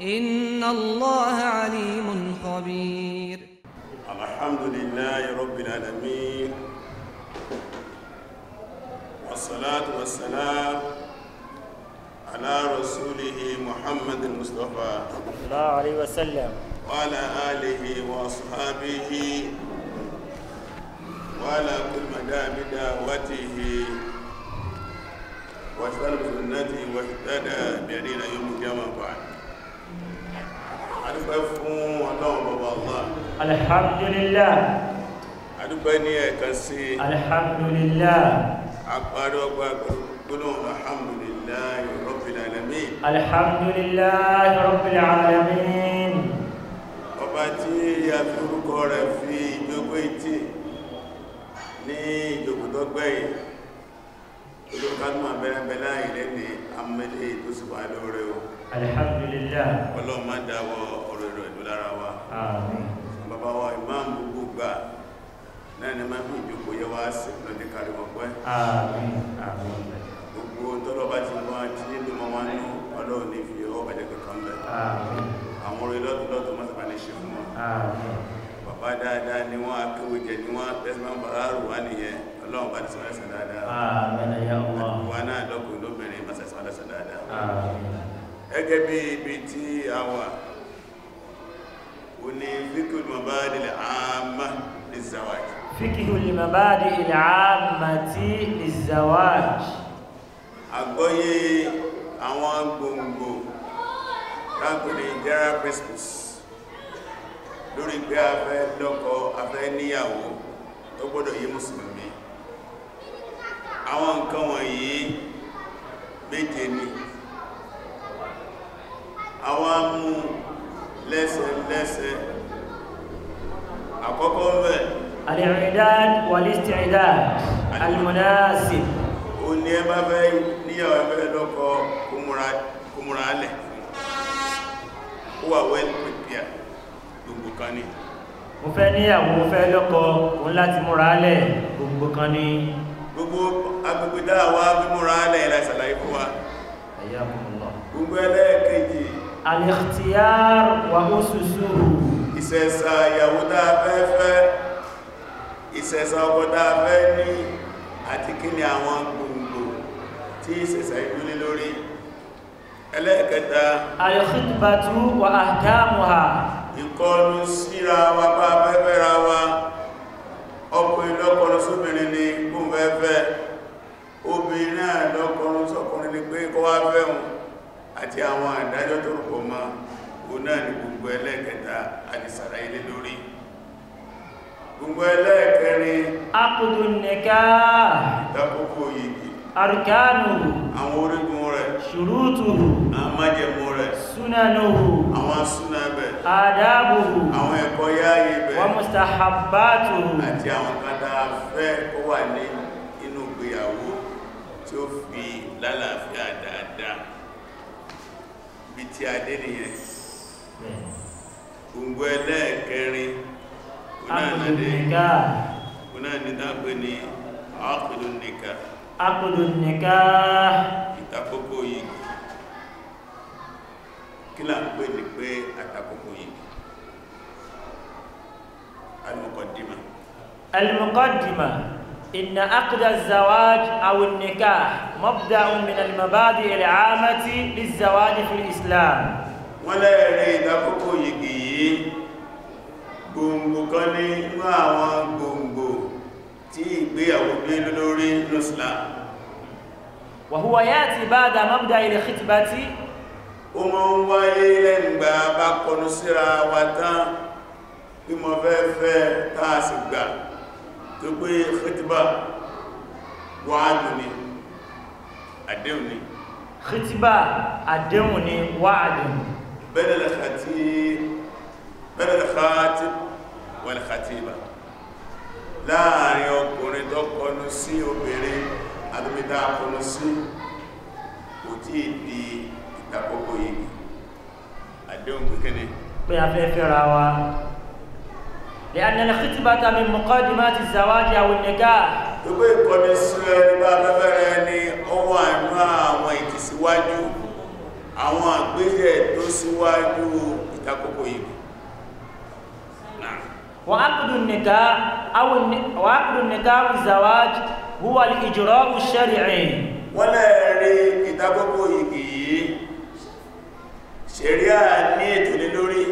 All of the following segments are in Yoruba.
إن الله عليم خبير الحمد لله رب العالمين والصلاة والسلام على رسوله محمد المصطفى صلى الله عليه وسلم وعلى آله وأصحابه وعلى كل مدام بدعوته وسلم سنته واهتدى بعدين يوم القيامة بعد adúpẹ́ fún ọlọ́run bọ̀bọ̀ allah alhamdulillah adúpẹ́ ní ẹ̀kan sí alhamdulillah àpàrí ọgbà gbọ́nà alhamdulillah rabbil alamin alhamdulillah rabbil alamin ọba tí a fi orúkọ rẹ̀ fi ìjókòó ìtì ní ìjókòó tó gbẹ̀yìn olókàtùmọ̀ bẹ̀rẹ̀ ni amẹ́lẹ́ tó sì ohun alhamdulillah ọlọ́run má dáwọ́ ọ̀rọ̀ ẹ̀rọ ìlú lára wa bàbá wa imam gbogbo gbà náà ni máa ń ìjókòó yẹ wá sí lọ́dẹ kárí wọn pẹ́ gbogbo tọ́lọ́bá ti wá tí ló mọ́ wá nú ọlọ́run ní fi ọwọ́ bàjẹ́ kankan bẹ̀ àwọn orí lọ́tọ̀ lọ́tọ̀ mọ́ sábà ní ṣe fún wọn bàbá dáadáa ni wọ́n akéwòjẹ ni wọ́n tẹ́sán bàrá rù wá nìyẹn ọlọ́run bá ti sọ ẹ̀sẹ̀ dáadáa wọn náà lọ́kùnrin lóbìnrin bá sẹ̀sẹ̀ dáadáa gẹ́gẹ́ bí ibi tí a wà o ní fíkìl mọ̀báàdì l'áàmà ní zawaj fíkìl mọ̀báàdì l'áàmà tí ní zawaj àgbọ́yé àwọn gbòǹgbò ránkùnrin general principles lórí pé a fẹ́ lọ́kọ a fẹ́ níyàwó tó gbọ́dọ̀ yé mùsùlùmí àwọn nǹkan wọ̀nyí méje ni àwọn mú lẹ́sẹ̀lẹ́sẹ̀ àkọ́kọ́ rẹ̀ al-i'dad wal-isti'dad al-munasib ẹ bá fẹ́ níyàwó fẹ́ níyàwó òun láti múra alẹ̀ gbogbo kan ní gbogbo agbègbè dáa bí múra alẹ̀ ìlàṣàlàyé fún wa gbogbo ẹlẹ́ẹ̀kejì al-ikhtiyar wa ususuhu ìṣẹ̀ṣà ìyàwó tá a fẹ́ fẹ́ ìṣẹ̀ṣà ọkọ tá a fẹ́ ní àti kí ni àwọn gbòǹgbò tí ìṣẹ̀ṣà ìdúlé lórí ẹlẹ́ẹ̀kẹta al-khitbatu wa ahkamuha ìkọlù síra wa bá fẹ́fẹ́ra wa ọkùnrin lọ́kọ̀ọ́lọ́ sóbìnrin ni kún fẹ́fẹ́ obìnrin náà lọ́kọ̀ọ́lọ́ ni pé kọ́ wá àti àwọn àdájọ́ tó rùpọ̀ mọ́ o náà ni gbogbo ẹlẹ́ẹ̀kẹta àdìsára ilé lórí gbogbo ẹlẹ́ẹ̀kẹrin akudu nikah ìtakókò yìí arkanu àwọn orígun rẹ̀ ṣùrútù àwọn rẹ̀ súnanù àwọn súnabẹ̀ tí a dé nìyẹn hmm. gbogbo ẹlẹ́ẹ̀kẹrin onáà ní dápẹ́ ní àkùlù nìka àkùlù nìka ìtàkókò yìí kí là ń pè ní pé àtàkókò yìí al-muqaddima al-muqaddima إن عقد الزواج أو النكاح مبدأ من المبادئ العامة للزواج في الإسلام ولا يريد أكو يجي gbòǹgbò kan ní inú àwọn gbòǹgbò tí ìgbéyàwó gbé lórí lọ́sùlá wàhúwà yá ti bá dá mọ́bdá ilẹ̀ kìtìbá tí ó mọ́ ń wáyé lẹ́ngbà bá kọnu síra wa tán bí mọ́ fẹ́ fẹ́ tàà sì gbà tó pé khitiba wáàdù ni àdéhùn ni khitiba àdéhùn ni wáàdù bẹ́ẹ̀lẹ̀ khati wal khatiba láàrin ọkùnrin tó kọnu sí obìnrin àdúgbìtà kọnu sí kò tí ìdí ìtàkọ́kọ́ yìí àdéhùn pẹ́kẹ́ni pé afẹ́fẹ́ ra wa لأن الخطبة من مقدمات الزواج أو النكاح gbogbo ìkọ́ni sílẹ̀ nípa abẹ́bẹ̀rẹ̀ ni ó wà nínú àwọn ìtìsíwájú àwọn àgbéjẹ̀ tó síwájú ìtakókò yìí وعقد النكاح أو وعقد النكاح الزواج هو الإجراء الشرعي wọ́n lẹ́ẹ̀rí ìtakókò yìí ṣẹ̀ríà ní ètò lé lórí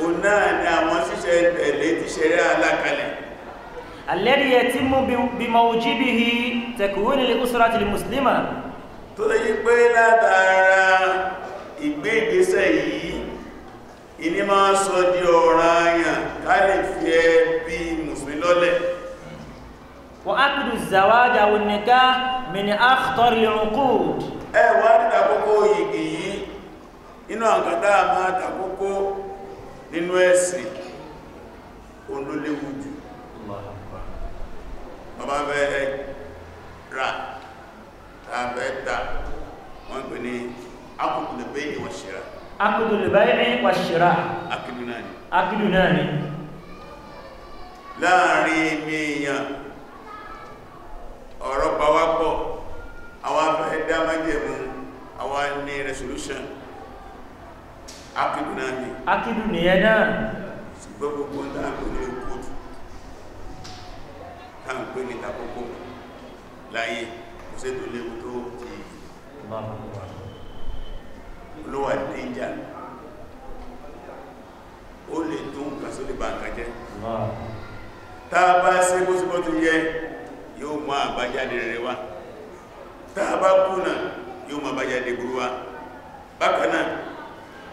o náà ni àwọn ṣíṣe tẹ̀lé ti ṣeré alákalẹ̀ alẹ́rí ẹ tí mú bí mọ ojú bí i tẹ̀kùwé nílé kúsùrá ti lè mùsùlùmá tó lè yí pé látara ìgbé yìí ìní máa sọ di ọ̀rọ̀ ayàn ká fi ẹ bí mùsùlùmí lọ́lẹ̀ wọ́n á kìdù zàwájà wọn nìká mìíní àkọtọ́rì ẹ wá ní tàkókò bá fẹ́ rà tàbẹ́ tà wọ́n pè ní akùdù lè bẹ́ẹ̀ wà ṣíra akùdù lè bẹ́ẹ̀ wà ṣíra akìdù náà ni akìdù náà ni láàrin èèyàn ọ̀rọ̀ pàwápọ̀ àwọn afẹ́ dámájẹ̀mú àwọn ní resolution akìdù náà ni akìdù nìyẹn náà ṣùgbọ́n gbogbo ń dáàbò à ń pè ní takoko láyé kò sí tó léwu tó ti olówà dínjà ó lè tún kàṣó lè bá ń kàjẹ́ tá a bá ṣe bó ṣe bó ti yẹ yóò mọ àbájáde rere wá tá a bá kùnà yóò mọ àbájáde burú wá bákan náà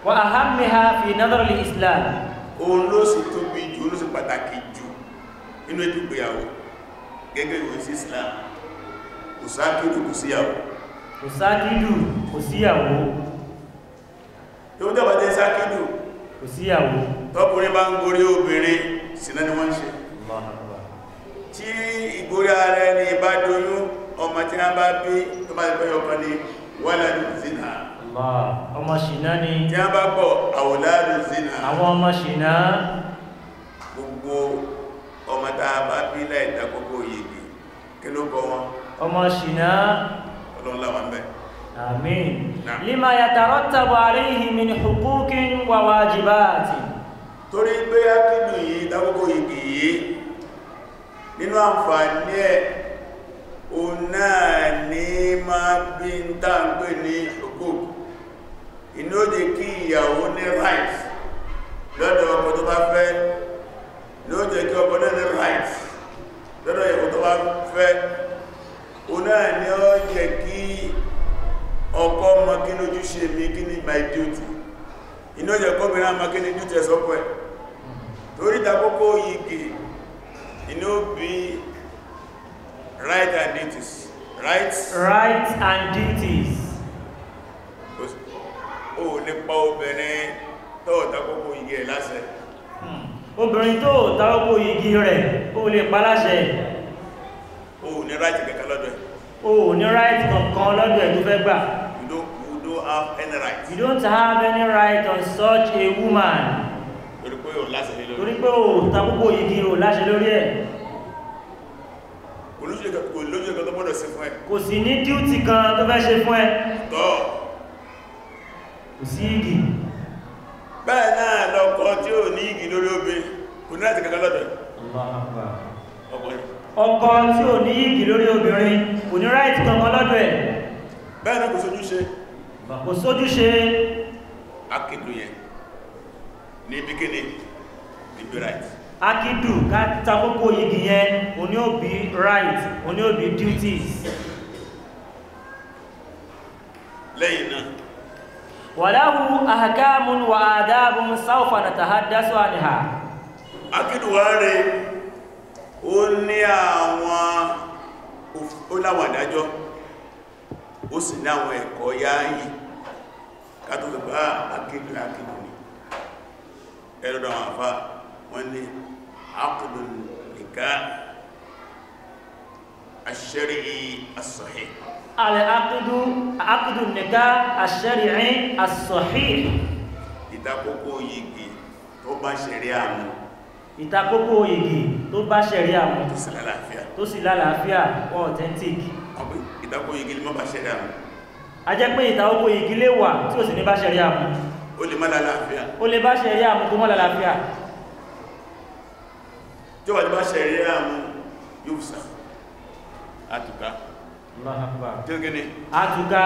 wa ahammiha fi nadar al-islam òun ló sì tóbi jù ló sì pàtàkì jù nínú ètò ìgbéyàwó gẹ́gẹ́ ìwé sí Islam kò sáàkìdù kò síyàwó kò sáàkìdù kò síyàwó tó dẹ̀bà tẹ́ sáàkìdù kò síyàwó tọ́kùnrin bá ń gorí obìnrin sínà ni wọ́n ṣe tí ìgorí ara ẹni bá doyún ọmọ tí wọ́n bá bí tó bá pẹ́ ọkọ ni wọ́lẹ̀dù zina ọmọ ṣìnà ọmọ tá a bá bí láìdá gbogbo yìí kí ló kọ wọn ọmọ ṣìnà ọlọ́láwà mẹ́ àmín lima yatarattabu alayhi min huquqin wa wajibatin torí pé ákìlù yìí dágbogbo yìí nínú àǹfààní ẹ̀ o náà ní máa bí ń tàgbé ní huquq inú ó kí ìyàwó ní right lọ́dọ̀ ọkọ tó bá fẹ́ ni ó jẹ́ kí ọkọ náà ní right lọ́dọ̀ ìyàwó tó bá fẹ́ o náà ni ó jẹ́ kí ọkọ ọmọ kí ní ojúṣe mi kí ní my duty iná jẹ́ kọ́bìnrin àmà kí ní duty ẹ̀sọ́pọ̀ ẹ̀ torí ìdàkókò yìí inú bí right and duties right right and duties o lè pa obìnrin tọ́ọ̀dàkókò yìí ẹ̀ lásẹ̀ hmm obìnrin tó tàrókò igi rẹ̀ ó lè paláṣẹ o ní ráìtì kankan lọ́dọ̀ ẹ̀ o ní ráìtì kankan lọ́dọ̀ ẹ̀ tó fẹ́ gbà you don't, have any right you don't have any right on such a woman torí pé o láṣẹ lórí igi o láṣẹ lórí ẹ̀ kò sí ní díútì kan tó fẹ́ ṣe fún ẹ kò sí igi bẹ́ẹ̀ náà lọ́kọ tí ní igi lórí obe kò ní láti kankan lọ́dọ̀ ọkọ tí ò ní igi lórí obìnrin kò ní láti kankan lọ́dọ̀ ẹ̀ bẹ́ẹ̀ náà kò sójú se. kò sójú ṣe yẹn ní bíkíní níbi right akídù ká takókò igi yẹn òní right òní duties lẹ́yìn وله أحكام وآداب سوف نتحدث عنها Akídùwárè ó ní àwọn ó láwọn àdájọ́ ó sì ní àwọn ẹ̀kọ́ yááyì kátólù bá akídù akídù ní ẹ̀rọ̀dọ̀ àwọn àfá wọ́n ní akídù nìká àṣẹ́rí as-sahih al-aqdu aqdu nikah ash-shar'i as-sahih ìtakókò yìgì tó bá ṣẹ̀rí àmú ìtakókò yìgì tó bá ṣẹ̀rí àmú tó sì lálàáfíà authentic ìtakókò yìgì lè má bá ṣẹ̀rí àmú a jẹ́ pé ìtakókò yìgì lè wà tí ó sì ní bá ṣẹ̀rí àmú ó lè má lálàáfíà ó lè bá ṣẹ̀rí àmú tó má lálàáfíà tí ó wà ní bá ṣẹ̀rí àmú yóò sàn àtùká gẹ́gẹ́ni àtúká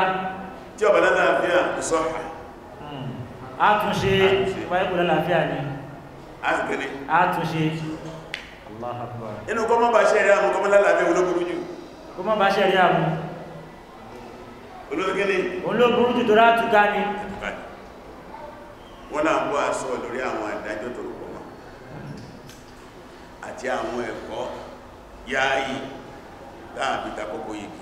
tí ọ̀bẹ̀ lálàáfíà ìsọ́ àtúnṣe ìpáyẹ̀kù lálàáfíà ni àtúnṣe àtúnṣe inú kọmọ bá ṣe rí àwọn kọmọ lálàáfíà ológun jù kọmọ bá ṣe rí àwọn ológun jù tó rátúká ni wọ́n náà bọ́ aṣọ lórí àwọn àdájọ́ tó rọ̀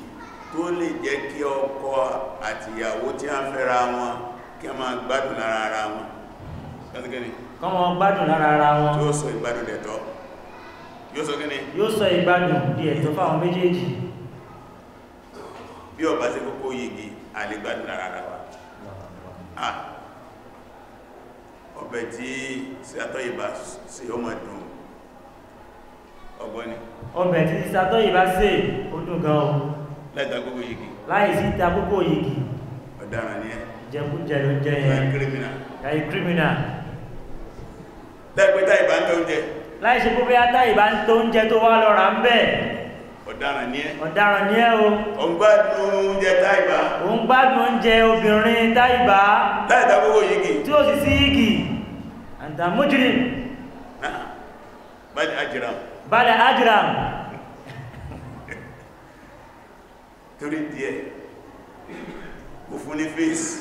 tó lè jẹ́ kí ọkọ àtìyàwó tí a ń fẹ́ra wọn kí a máa gbádùn lára ara wọn kọ́mọ gbádùn lára ara wọn yóò sọ ìgbádùn dẹ̀tọ́ yóò sọ kíni yóò sọ ìgbádùn di ẹ̀tọ́ fáwọn méjèèjì bí ọba sí kókó yìí àlégbádùn lára ara wa ọbẹ̀ tí sàtọ́ ìbá sí ọmọ ẹ̀dùn ọgbọ́ni ọbẹ̀ tí sàtọ́ ìbá sí ó dùn gan-an láìtàkókò yìí láì sí tàkókò yìí ọ̀daràn ní ẹ jẹkújẹrún jẹ yẹn láì kírímìnà láìpẹ́ táìbá ń tó ń jẹ láì ṣe kó bẹ́yà táìbá ń tó ń jẹ tó wá lọ́ra ń bẹ́ ọ̀daràn ní ẹ ọ̀daràn ní ẹ o ò ń gbádùn oúnjẹ táìbá ò ń gbádùn oúnjẹ obìnrin táìbá láìtàkókò yìí tí ó yìí torí díẹ̀ mo fún ní fèsì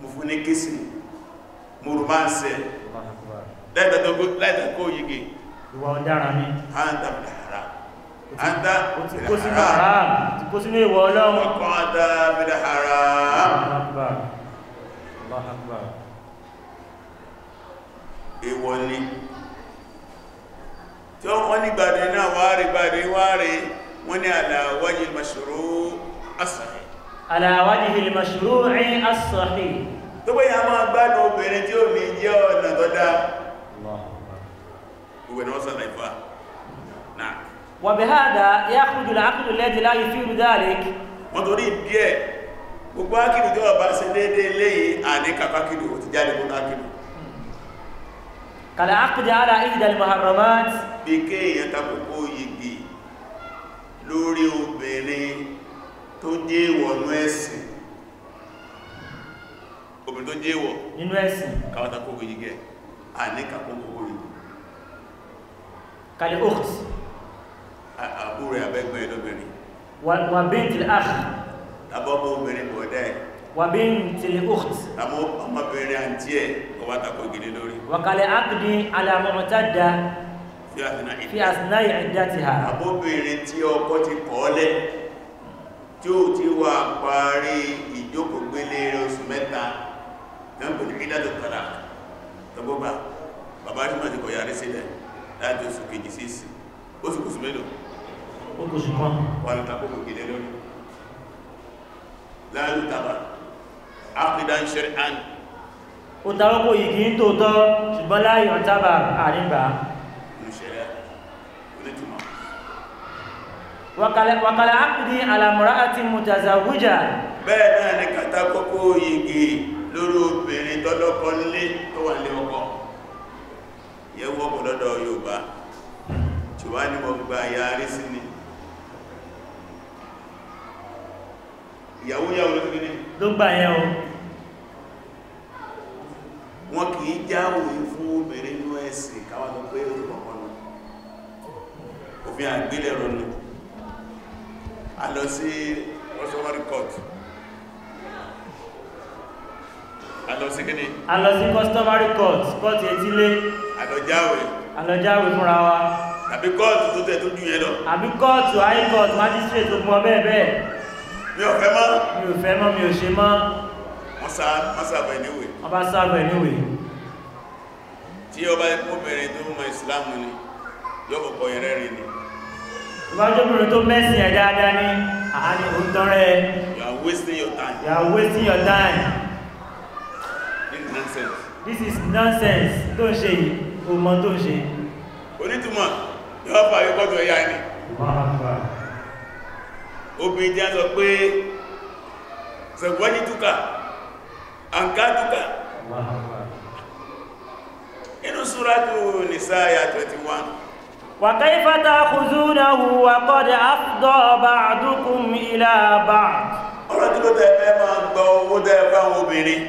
mo fún ní kìsì mo rò máa ń sẹ láìtàkó yìí ìwà ọ̀daràn ni àndàmìdàhàrà àndàmìdàhàrà ti kó sínú ìwà ọlọ́run ọkọ̀ àndàmìdàhàrà ìwọ̀ ni tí ó wọ́n nígbàdẹ̀ náà wárí gbàdẹ̀ wárí wọ́n ní aláwájì mashuru asahi aláwájì mashuru asahi tó bóyá máa gbádùn obìnrin tí ó mi jẹ́ ọ̀nà tó dá gbogbo ni wọ́n sọ láìfà náà wàbíhádà yá kúrò láàkùnrin lẹ́dí láyé fíru dáàlẹ́kì wọ́n torí díẹ̀ gbogbo ákìlù tó ọba ṣe déédé lẹ́yìn àníkàkàkìlù ti jáde gbogbo ákìlù kàlà ákùnrin ara ìdàlì maharamad bí kéèyàn tàbùkú yìí lórí obìnrin tó jẹ́ ìwọ̀ nú ẹ̀sìn obìnrin tó jẹ́ ìwọ̀ nínú ẹ̀sìn káwàtà kókò yìí gẹ̀ àníkà kókò yìí kàlẹ̀ oct àbúrò àbẹ́gbẹ̀ ẹ̀lọ́bìnrin wà bíntìl áàkì tàbọ́bọ́ obìnrin bọ̀dẹ́ wà bíntìl oct tàbọ́ ọmọbìnrin àti ẹ̀ ọwátàkọ̀ gidi lórí wà kàlẹ̀ áàkì ní dáa fi àsìná ìdá ti ha àbóbìnrin tí ọkọ ti kọ́ọ́lẹ̀ tí ó ti wà parí ìjókògbélé oṣù mẹ́ta tẹ́m̀pù ní ìdájọ́ tọ́lá tọ́gbọ́gbà bàbá tí máa ti kọ̀yà rí sílẹ̀ láti oṣù kejì sí sí oṣù kùsù mélòó oṣù kan wà wakala akudi alamura ati mutazawuja. bẹ́ẹ̀ náà ni kàtà kókó yege lórí obìnrin tọ́lọ́kọ nílé tó wà ní ọkọ yẹn wọ́pọ̀ lọ́dọ̀ Yorùbá tí wàá ní mo gba ìyá rí sí ni ìyàwó yàwó ló ní ló gbà yẹn o wọn kì í jáwò fún obìnrin ní ẹ̀sìn káwọn a lọ sí customary court a lọ sí kíni a lọ sí customary court court etílé a lọ jáwé a lọ jáwé fúnra wa àbí kóòtù tó tẹ̀ tó jù yẹn lọ àbí kóòtù high court magistrate tó mọ bẹ́ẹ̀ bẹ́ẹ̀ mi ò fẹ́ mọ́ mi ò fẹ́ mọ́ mi ò ṣe mọ́ wọ́n sáàbẹ̀ níwèé wọ́n bá sáàbẹ̀ níwèé tí ọba ẹkùn obìnrin tó mọ ìsìláàmù ni yóò kọ̀kọ̀ ìrẹ́rìn ni ìwájúbìnrin tó mẹ́sìn ẹ̀ dáadáa ní àánì òótọ́ you are wasting your time this is nonsense this is nonsense tó ń ṣe yìí o mọ tó ń ṣe onítùmọ̀ yóò fà yóò kọ́tọ̀ ẹ̀yà ni obìnrin jẹ́ sọ pé zẹ̀wọ́jì túkà àǹká túkà inú súrátù nìsáyà 21 وكيف تأخذونه وقد أفضى بعضكم إلى بعض ọ̀rọ̀ tí ló tẹ́ẹ̀fẹ́ máa ń gba owó tẹ́ẹ̀fẹ́ àwọn obìnrin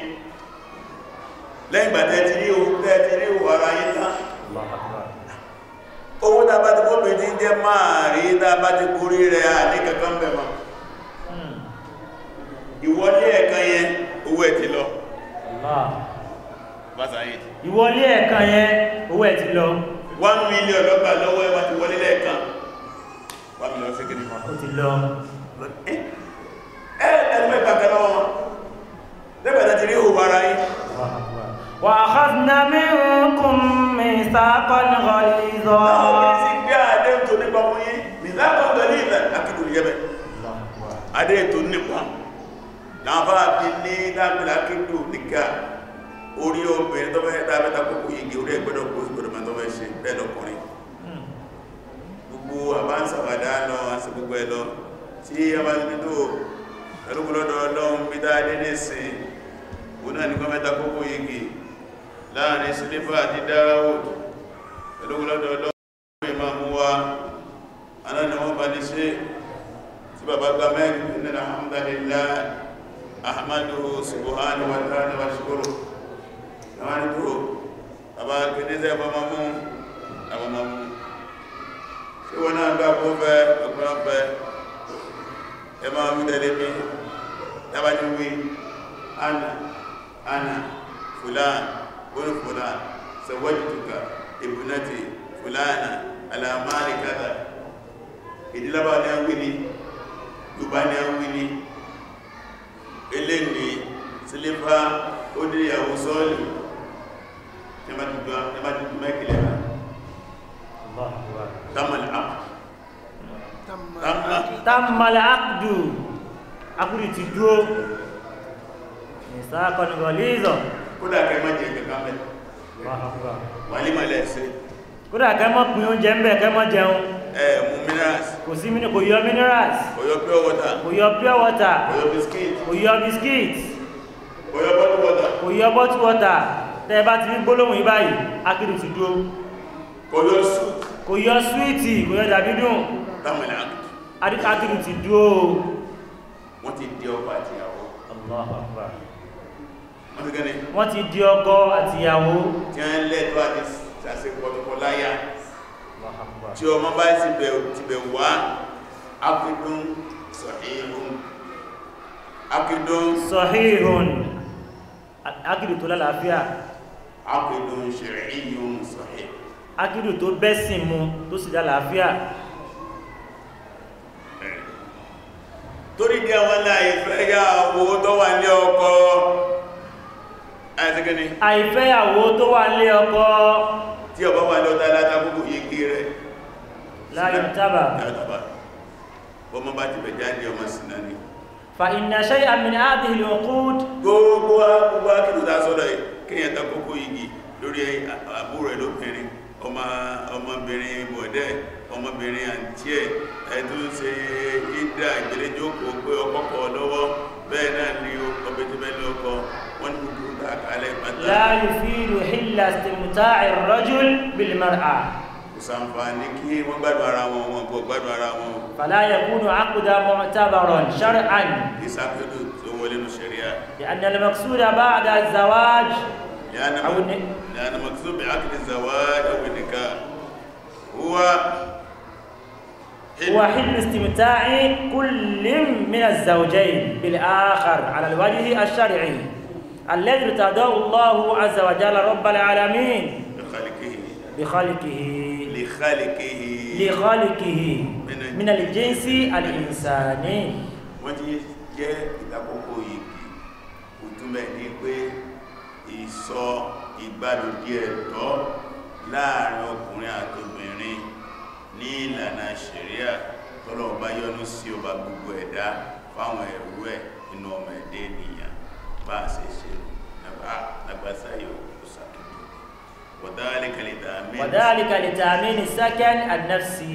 lẹ́yìn ìgbà tẹ́ẹ̀tì rí ohun tẹ́ẹ̀tì rí ohun ara yìí tán owó tàbá ti kó méjì jẹ́ máa rí tàbá ti kórí rẹ̀ ní kankan bẹ̀mọ̀ ìwọlé ẹ̀kan yẹn owó ẹ̀ ti lọ ìwọlé ẹ̀kan yẹn owó ẹ̀ ti lọ one million lọ́gbà lọ́wọ́ ẹwà ti wọlé lẹ́ẹ̀kan wà mí lọ sí kí ni wọn. ó ti lọ ẹ ẹ ẹgbẹ́ ìpàkẹ́ lọ́wọ́ wọn lẹ́gbẹ̀ẹ́ láti rí òwò ara yìí. wà á kọ́ na minkum mithaqan ghaliza. àwọn kìí sì gbé adé tó nípa fún yín mithaqan ghaliza akíkò ní yẹbẹ adé ní dábìlà orí obìnrin tó fẹ́ dá mẹ́ta kókò igi orí ẹgbẹ́dọ̀ kó ìgbẹ̀rẹ̀ mẹ́ta fẹ́ ṣe bẹ́ẹ̀ lọ́kùnrin gbogbo àbáǹsàwàdá lọ àti gbogbo ẹ̀ lọ tí a bá ti tó ẹlúgbọ́lọ́dọ̀ ọlọ́run bí dáadé ní sí òun náà ní kọ́ mẹ́ta kókò igi láàrin sílífà àti dáráwò ẹlúgbọ́lọ́dọ̀ ọlọ́run ìmá mú wa anáàdàwọ́ bá ní ṣe tí bàbá gbá mẹ́rin nínú alhamdulillah ahmadu subhanahu wa ta'ala wa shukuru àwọn àdúgbò bàbá kìdíṣẹ́ bàbá mú àbàmà mú ṣe wọ́n náà gbà kó fẹ́ ọ̀pọ̀lọpẹ́ ẹ máa wí tẹ̀lé mi dábàjú wí ana ana fulan wani fulan sawajituka ibnati fulana alamari kada ìdílábà ní àwọn wíní yorùbá ní àwọn wíní eléni sílífà ó dé ìyàwó sọ́ọ̀lù ẹ bá dùgbà ẹ bá dùgbà ẹ kìlẹ̀ hàn tamale akudu tamale akudu akudu ti dúró nìsa kọ́nìkọ́ lízọ̀ kódà kẹ́ má jẹ kankan bẹ́ẹ̀ wàlí ma lẹ̀ ṣe kódà kẹ́ má oúnjẹ ń bẹ̀ kẹ́ jẹun ẹ mú minerals kò sí kò yọ minerals kò pure water kò pure water kò biscuit kò biscuit kò yọ water kò yọ bottle water tẹ́ bá ti rí gbólóhùn yí báyìí akídù ti dúró kò yọ súwìtì kò yọ dàbí dùn akídù ti dúró wọ́n ti di ọkọ àti ìyàwó wọ́n ti di ọkọ àti ìyàwó tí a ń lẹ́tọ́ àti ṣàṣepọ̀ tọkọ láyá tí ọmọ bá ti bẹ̀ wá akídùn sọ̀híhùn akídùn sọ̀híhùn akídù tó lálàáfíà akidun shir'iyyun sahih akidu tó bẹ́sìn mu tó sì dá làáfíà torí bí àwọn àìfẹ́yàwó tó wà ní ọkọ àìsẹ́gẹ́ni àìfẹ́yàwó tó wà ní ọkọ tí ọba wà lọ́ta látàkùkù yege rẹ̀ láàrín tábà ọmọ bá ti bẹ̀já ní ọmọ sínà ní fa inna shay'an min hadhihi al-uqud gbogbo agbogbo akìlú tásọ́dọ̀ yìí kéèyàn ta kókó igi lórí àbúrò ẹ̀ lóbìnrin ọmọbìnrin bọ̀dẹ́ ọmọbìnrin àǹtí ẹ̀ ẹ̀tú ṣe ìdá ìgbèléjókò pé ọkọ̀kọ̀ lọ́wọ́ bẹ́ẹ̀ náà ni ọbẹ̀ tó bẹ́ẹ̀ lọ́kọ̀ wọ́n ní gbogbo ń dákalẹ̀ pátá. la yufidu hilla istimta'i ar-rajul bil kí wọ́n gbádùn ara wọn wọn kò gbádùn ara wọn. fala yakunu 'aqdan mu'tabaran shar'an. ìsàkóso ولد الشريعة لأن المقصود بعد الزواج لأن أو لأن المقصود بعقد الزواج أو النكاح هو حلم. هو حل استمتاع كل من الزوجين بالآخر على الوجه الشرعي الذي ارتضاه الله عز وجل رب العالمين بخلقه بخلقه لخلقه لخلقه من الجنس الإنساني jẹ́ ìdákòókò yìí kò túnmẹ̀ ní pé ìsọ ìgbàlódé ẹ̀tọ́ láàrin ọkùnrin àtobìnrin ní ìlànà ṣẹ̀ríà tọ́lọ̀ ọba yọ́nú sí ọba gbogbo ẹ̀dá fáwọn ẹ̀rú ẹ̀ inú ọmọ ẹ̀dẹ́ ènìyàn bá ṣe ṣe lágbàtà yóò sàkìtì wàdálíkà lè tààmì ní sákẹ́ni àdáfsì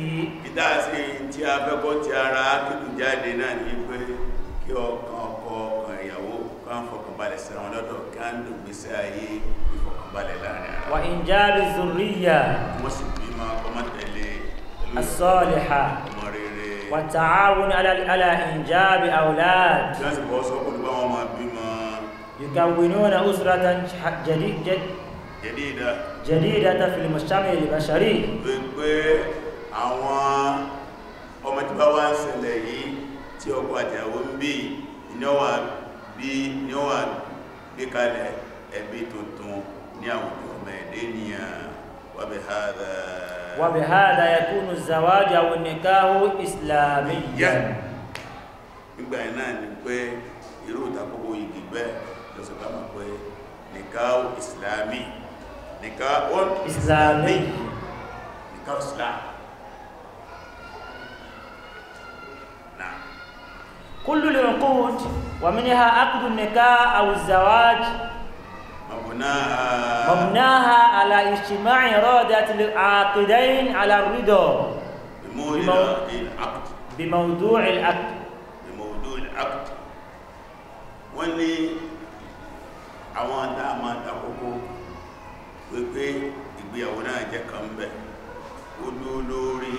ìdáṣe tí a fẹ́kọ́ ti ara kíkù jáde náà ní pé kí ọkàn ọkọ ọkàn ìyàwó kan fọkànbalẹ̀ sí àwọn lọ́dọ̀ kan lò gbésẹ̀ ayé ìfọkànbalẹ̀ láàrin ara wà ń já rí zurriya wọ́n sì bí ma ọmọ tẹ̀lé as-saliha ọmọ rere wà ta'awun ala injabi awlad láti bọ́ sọ pé bá wọn máa bí ma yukawwinuna usratan jadida jadida fil mujtama'i al-bashari pé àwọn ọmọ tí bá wá ń ṣẹlẹ̀ yìí tí ọkọ àtìyàwó ń bí níwà bí níwà gbé kalẹ̀ ẹbí tuntun ní àwùjọ ọmọ ẹ̀dẹ́ ènìyàn wàbẹ̀hádà wàbẹ̀hádà yakunu zawájú àwọn nìkáhó islamiyya nígbà náà ni pé irú ìtàkókò igi bẹ́ẹ̀ lọ́sọ̀ ká mọ̀ pé nìkáhó islami nìkáhó islami nìkáhó islami كل العقود ومنها عقد النكاح أو الزواج مبناها مبناها على اجتماع إرادة العاقدين على الرضا العقد بموضوع العقد بموضوع العقد wọ́n ní àwọn dáàmà dákókó wípé ìgbéyàwó náà jẹ́ kan bẹ̀ ó dúró lórí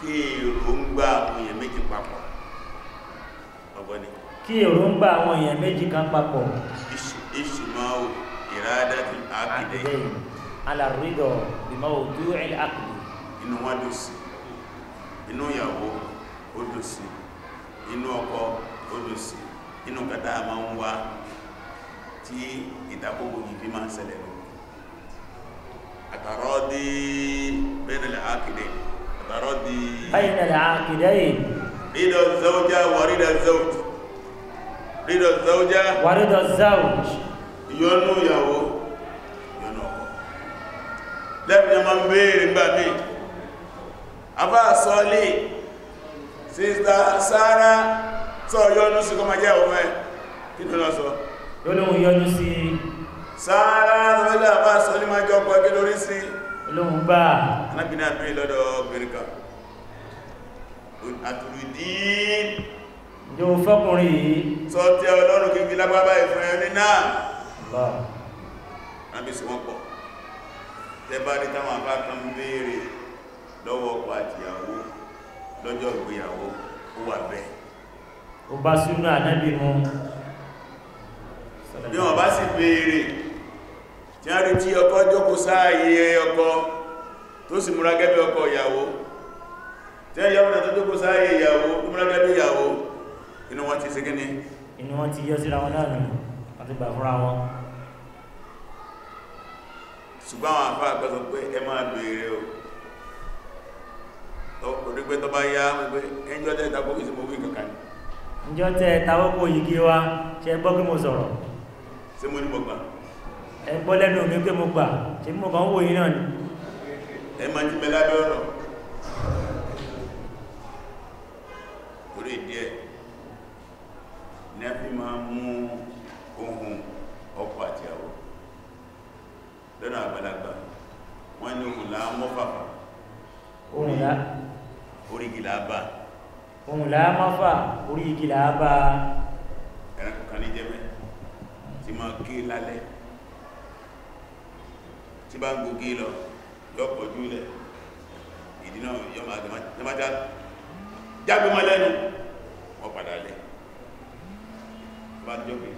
kí èròǹgbà òyìn méjì papọ̀ kí èròǹgbà àwọn èèyàn méjì kan papọ̀ ìṣùmọ̀ ìrádá tí àkìdẹ̀ alàrídọ̀ ìmọ̀ ojú ẹ̀lẹ́ àkìdẹ̀ inú wọn dùn sí inú ìyàwó ó dùn sí inú ọkọ ó dùn sí inú kàtà máa ń wá tí ìdákòkò yìí máa ń lọ àtàrọ́ dé bẹ́ẹ̀rẹ̀ àkìdẹ̀ àtàrọ́ dé bẹ́ẹ̀rẹ̀ àkìdẹ̀ yìí rídọ̀ zawja wà rídọ̀ zawj rídọ̀ zawja wà rídọ̀ zawj ìyọnú ìyàwó ìyọnú ọkọ lẹ́bìnà ma ń bèèrè gbà mí abá sọ́lé sísta sára tọ́ yọnú sí kọmọ jẹ́ ọmọ ẹ̀ kí ló lọ sọ lónìí yọnú sí sára tọ́lá abá sọ́lé má jọ pọ̀ kí lórí sí olóhun gbà anábìnà bí lọ́dọ̀ obìnrin kan àtùrùdín yóò fọ́kùnrin yìí sọ tí ọlọ́run kìí lábábá ìfún ẹni náà rábí sí wọ́n pọ̀ tẹ́bá ní táwọn akákan béèrè lọ́wọ́ ọkọ àtìyàwó lọ́jọ́ ìgbéyàwó ó wà bẹ́ẹ̀ ó bá súnú ànábì mú bí wọ́n bá sì béèrè tí a rí tí ọkọ jókòó sáàyè ọkọ tó sì múra gẹ́gẹ́ ọkọ ìyàwó tí a yàwó tó jókó sáyé ìyàwó múlágádé ìyàwó inú wọn ti sígí ni inú wọn ti yọ síra wọn náà nù àti gbà wọn ṣùgbọ́n àwọn àfá àgbẹ́sọ pé ẹ máa bèèrè o orígbẹ́ tó bá yá wípé ẹjọ́ tẹ́ ìtàkó ìsìnkú wí kankan ìjọ tẹ́ ìtàkó yìí wá ṣe gbọ́ kí mo sọ̀rọ̀ sí mo ní mo gbà ẹ gbọ́ lẹ́nu mi pé mo gbà ṣe mo kàn ń wòye náà ni ẹ máa jí mẹ́lábẹ́ ọ̀rọ̀ lórí ìdí ẹ̀ ohun ọkọ àti àwọ̀ lọ́nà na wọ́n ní ohun láà mọ́ fàfà orí igi fa, ohun láà mọ́ fà orí igi làábà ti ma ní lalẹ ti máa gé e lálẹ́ tí bá ń gògé lọ jágbe mọ́ lẹ́nu wọ́n padà lẹ̀ bá jọ́gbé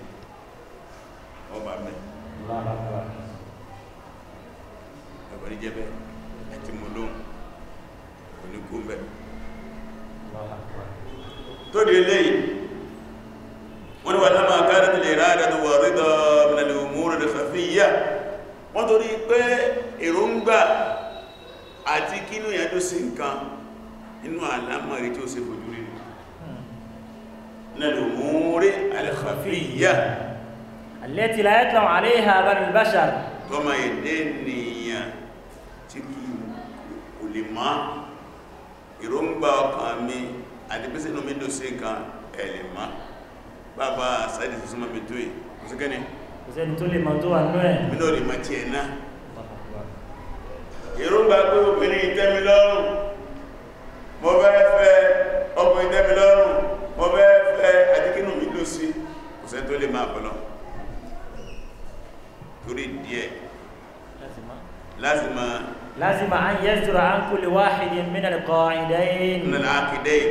wọ́n bá mẹ́ ẹ̀bọ̀n ní jẹ́bẹ́ ẹ̀ tí mo lóhun kò ní kú mẹ́ tó di eléyìí wọ́n ni wà lámà kárẹ́tì lè rádà torí pé èròǹgbà àti kínú ìyàdó sí nǹkan inú àlámọ̀rí tí ó ṣe fojú rí hmm. nínú múrí alkhafiyya allati la yatla 'alayha banul bashar tọ́mà èdè nìyàn tí kí kò lè máa ìrọ́ngbà ọkàn mi àdìbẹ́sẹ̀ inú mi dò sí nǹkan ẹ̀lẹ̀ máa bàbá sáàdì tó súnmọ́ mi tó yìí kò pé obìnrin ìtẹ́mi mo fẹ́ fẹ́ ọmọ ìdẹ́mi lọ́rùn mo fẹ́ fẹ́ àdíkínú mi ló sí kò sẹ́ tó lè máa bọ́lọ̀ torí díẹ̀ lázìmá lázìmá an yẹ́sùrọ̀ an kulli wahidin minal qa'idayn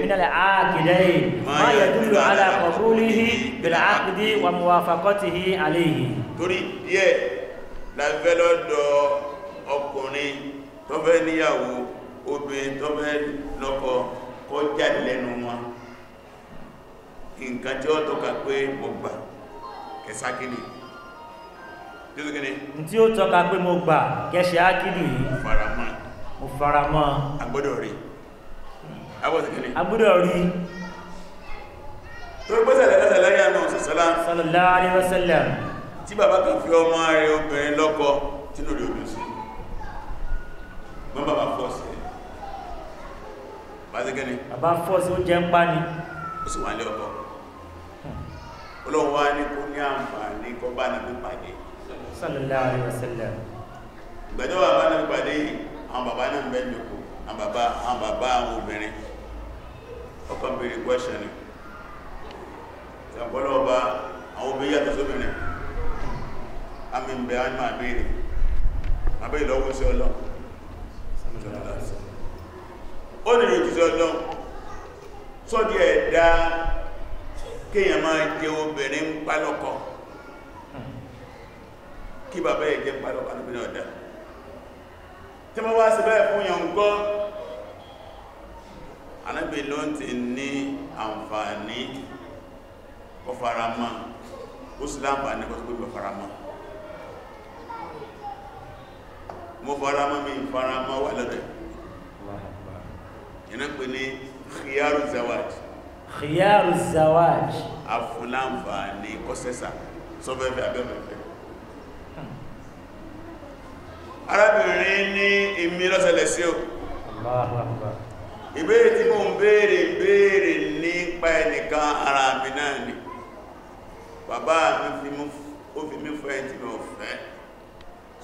minal aqidayn ma yadullu ala qabulihi bil aqdi wa muwafaqatihi alayhi torí díẹ̀ láfẹ́ lọ́dọ̀ ọkùnrin tó fẹ́ níyàwó obìnrin tó fẹ́ lọ́kọ kọ́ jáde lẹ́nu wọn nǹkan tí ó tọ́ka pé mo gbà kẹsàkìlì tí ó tọ́ka pé mo gbà kẹsẹ̀ ákìlì yìí faramọ́ mo faramọ́ agbọ́dọ̀ rí agbọ́dọ̀ rí tó gbọ́sẹ̀ lẹ́lẹ́sẹ̀ lẹ́yìn àmì òṣìṣẹ́lá sallallahu alaihi wasallam tí bàbá kan fi ọmọ rẹ̀ obìnrin lọ́kọ tí lórí bàbá ṣe gẹ́ni bàbá fọ́ sí oúnjẹ ń pa ni ó sì wà ní ọkọ̀ ọlọ́run wá ní kó ní àǹfààní kọ́ bá nàbí pàdé sallallahu alaihi wasallam ìgbàjọ́ bàbá nàbí pàdé àwọn bàbá náà ń bẹ́ jòkó àwọn bàbá àwọn bàbá àwọn obìnrin ọkọ̀ bèèrè question ni ìgbàgbọ́lọ́ ọba àwọn obìnrin yàtọ̀ sóbìnrin àmì ń bẹ àmì àbẹ́rẹ̀ àbẹ́ ó nílò òjíṣẹ́ ọlọ́run sọ́dí ẹ̀dá kéèyàn máa jẹ obìnrin ń pálọ́kọ kí bàbá ẹ̀ jẹ pálọ́kọ níbi ọ̀dá tí wọ́n wá sí bẹ́ẹ̀ fún yàn gọ́ alábẹ̀ ló ti ní àǹfààní kó faramọ́ ó sì láǹfààní kó mo faramọ́ mi faramọ́ wà lọ́dẹ̀ẹ́ iná pè ní khiyaru zawaj khiyaru zawaj afúnláǹfà ní kọ́sẹ́sà sọ́fẹ́fẹ́ abẹ́fẹ́fẹ́ hmm. arábìnrin ní èmi lọ́sẹ̀lẹ̀ sí o ìbéèrè tí mo ń béèrè béèrè nípa ẹnìkan ara mi náà ni bàbá mi ó fi mí fẹ́ tí mo fẹ́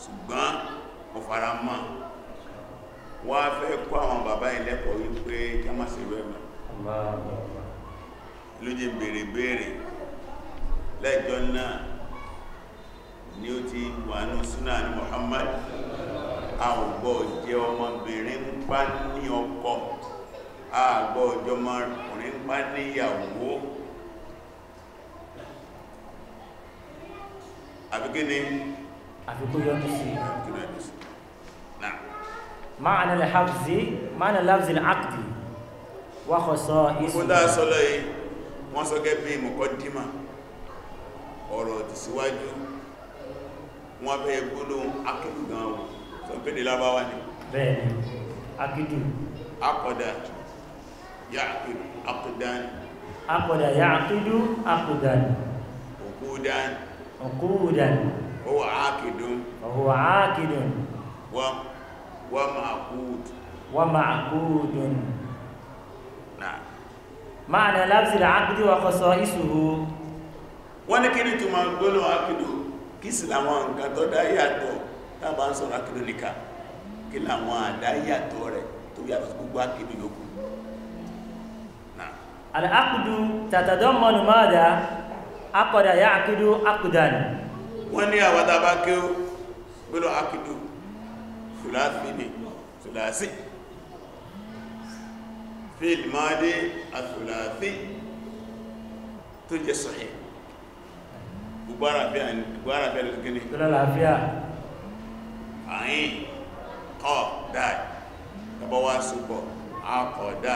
ṣùgbọ́n mo fara mọ́ wọ́n á fẹ́ kọ́ àwọn bàbá ilẹ́kọ̀ọ́ wípé kíámàsì rẹ̀ mọ̀ ló jẹ́ bèèrè bèèrè lẹ́jọ́ náà ni ó ti wà ní súnà ní Muhammad àwọ̀gbọ́ jẹ́ ọmọbìnrin ń pa ní ọkọ àgbọ́ ọjọ́ mọ́rin pa ní ìyàwó àfikíní àfikún sí معنى الحفظ معنى لفظ العقد وخصائص kódà sọ́lọ́ yìí wọ́n sọ gẹ́ ọ̀rọ̀ ti síwájú wọ́n fẹ́ gbólóhùn akídù gan wọn sọ pé ní lábáwá ni bẹ́ẹ̀ akídù akọ̀dà ya'qidu aqdan akọ̀dà ya'qidu aqdan uqudan uqudan huwa aqidun huwa aqidun wa wa ma'qud wa ma'qudun na'am ma'ana lafzi al-'aqd wa khasa'isuhu wọ́n ní kí ni túmọ̀ gbóná akidu kí sì làwọn nǹkan tó dá yàtọ̀ tábà ń sọ̀rọ̀ akidu nìka kí làwọn àdá yàtọ̀ rẹ̀ tó yàtọ̀ sí gbogbo akidu yòókù al-'aqdu tatadammanu madha aqada ya'qidu aqdan wọ́n ní àwọn tàbá kí ó sùlásílè sùlásí fíìl máa dé àsùlásí tó jẹ́ sọ̀hẹ́ gbogbo àràfíà ní gbogbo àràfíà ló gẹ́ni tó lálàáfíà àyín kọ́ dáa tàbọ́ wá súpọ̀ akọ̀dá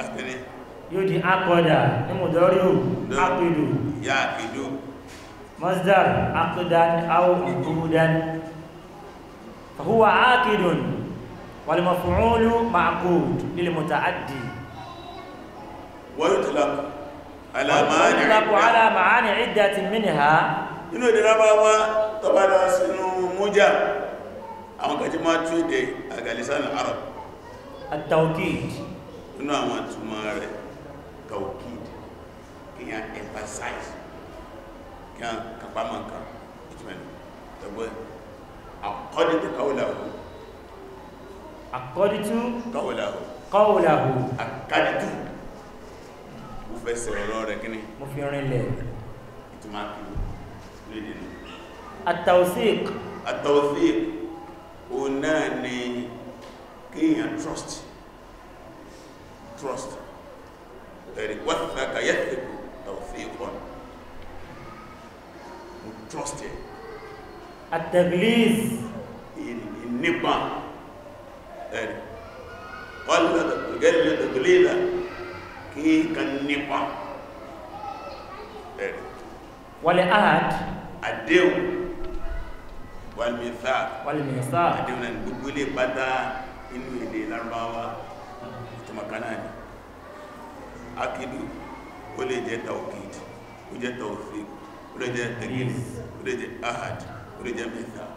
asìnrin yóò di akọ̀dá ní mọ̀dọ́ríò akìdò ya akìdò masdar akọ̀dá awọ̀ ìgbòmúdání huwa ákìdùn wàlùmọ̀fùrúnlù ma'kúd lílmùtàádì wọ́yùtùlọ́pù alamani ìdàtí mìnìhà inú ìdírábá wá tọ́bádá sínú mújá àwọn kàjí máa tún èdè àgàlìsàn arab at-tawkid inú àwọn àtúmọ̀ rẹ̀ tawkid kìyàn emphasize kìyàn kàpámọ̀ kan ìtùmẹ̀lú according to qawlahu according to qawlahu qawlahu according to mo fẹ́ sẹ̀rọ̀ ọ̀rọ̀ rẹ̀ kíní mo fi rin lẹ̀ ìtumá kí lè dènà at-tawthiq o náà ni kíyàn trust trust ẹ̀rì wọ́n fẹ́ kàyẹ́ tẹ̀kù tawthiq on mo trust it at-tagliz nípa ẹ̀rì ọlọ́dọ̀gbẹ̀lẹ̀ tàglíza kí kan nípa ẹ̀rì wàlẹ̀ ahad àdéhùn wàlmìsá wàlmìsá àdéhùn náà gbogbo ilé pátá inú èdè lárúbáwá ìtùmọ̀kaná ni akídù ó lè jẹ́ tàwọ̀kìdì ó jẹ́ tàwọ̀fí ó lè jẹ́ tàglíz ó lè jẹ́ أريد أن أثار